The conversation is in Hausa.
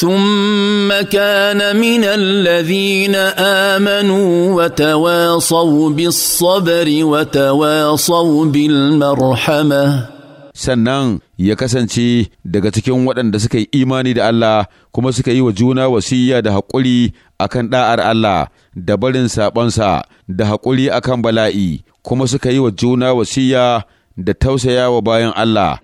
ثم كان من الذين امنوا وتواصوا بالصبر وتواصوا بالمرحمه sannan ya kasance daga cikin waɗanda suka yi imani da Allah kuma suka yi wa juna wasiya da haƙuri akan ɗa'ar Allah da barin saɓonsa da haƙuri akan bala'i kuma suka yi wa juna wasiya da tausaya wa bayan Allah